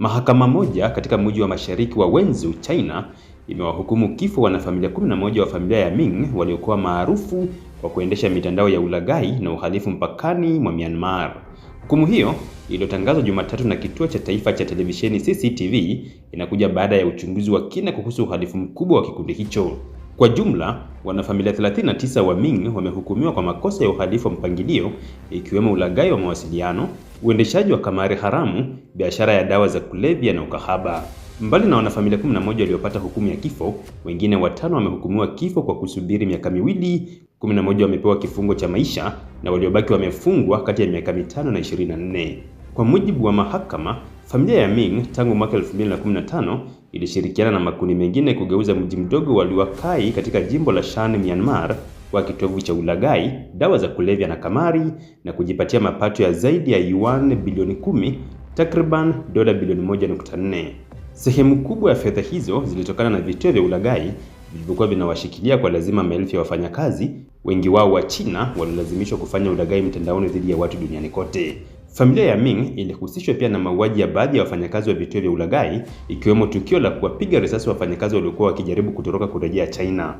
Mahakama moja katika mji wa mashariki wa Wenzhou, China imewahukumu kifo wanafamilia 11 wa familia ya Ming waliokuwa maarufu kwa kuendesha mitandao ya ulaghai na uhalifu mpakani mwa Myanmar. Hukumu hiyo iliyotangazwa Jumatatu na kituo cha taifa cha televisheni CCTV inakuja baada ya uchunguzi wa kina kuhusu uhalifu mkubwa wa kikundi hicho. Kwa jumla wanafamilia 39 wa Ming wamehukumiwa kwa makosa ya uhalifu wa mpangilio ikiwemo ulaghai wa mawasiliano, uendeshaji wa kamari haramu, biashara ya dawa za kulevya na ukahaba. Mbali na wanafamilia 11 waliopata hukumu ya kifo, wengine watano wamehukumiwa kifo kwa kusubiri miaka miwili, 11 wamepewa kifungo cha maisha na waliobaki wamefungwa kati ya miaka mitano na 24. Kwa mujibu wa mahakama, familia ya Ming tangu mwaka 2015 ilishirikiana na makundi mengine kugeuza mji mdogo wa katika jimbo la Shan, Myanmar kwa kitovu cha ulagai dawa za kulevya na kamari na kujipatia mapato ya zaidi ya yuan bilioni kumi, takriban dola bilioni 1.4. Sehemu kubwa ya fedha hizo zilitokana na vituo vya ulagai vilivyokuwa vinawashikilia kwa lazima maelfu ya wafanyakazi, wengi wao wa China waliolazimishwa kufanya ulagai mtandaoni dhidi ya watu duniani kote. Familia ya Ming ilihusishwa pia na mauaji ya baadhi ya wafanyakazi wa vituo vya ulaghai, ikiwemo tukio la kuwapiga risasi wafanyakazi waliokuwa wakijaribu kutoroka kurejea China.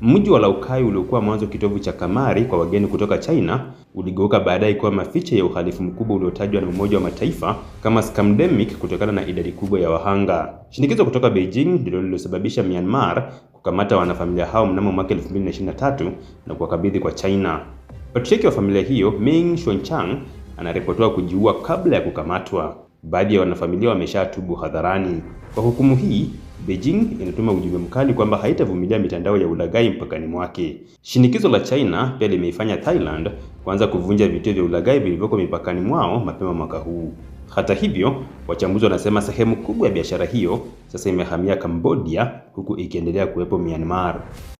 Mji wa Laukai uliokuwa mwanzo kitovu cha kamari kwa wageni kutoka China uligeuka baadaye kuwa maficha ya uhalifu mkubwa uliotajwa na Umoja wa Mataifa kama scamdemic kutokana na idadi kubwa ya wahanga. Shinikizo kutoka Beijing ndilo lilosababisha Myanmar kukamata wanafamilia hao mnamo mwaka 2023 na kuwakabidhi kwa China. Patriarki wa familia hiyo Ming Xuanchang anaripotiwa kujiua kabla ya kukamatwa. Baadhi ya wanafamilia wameshatubu hadharani. Kwa hukumu hii, Beijing inatuma ujumbe mkali kwamba haitavumilia mitandao ya ulaghai mpakani mwake. Shinikizo la China pia limeifanya Thailand kuanza kuvunja vituo vya ulaghai vilivyoko mipakani mwao mapema mwaka huu. Hata hivyo, wachambuzi wanasema sehemu kubwa ya biashara hiyo sasa imehamia Cambodia huku ikiendelea kuwepo Myanmar.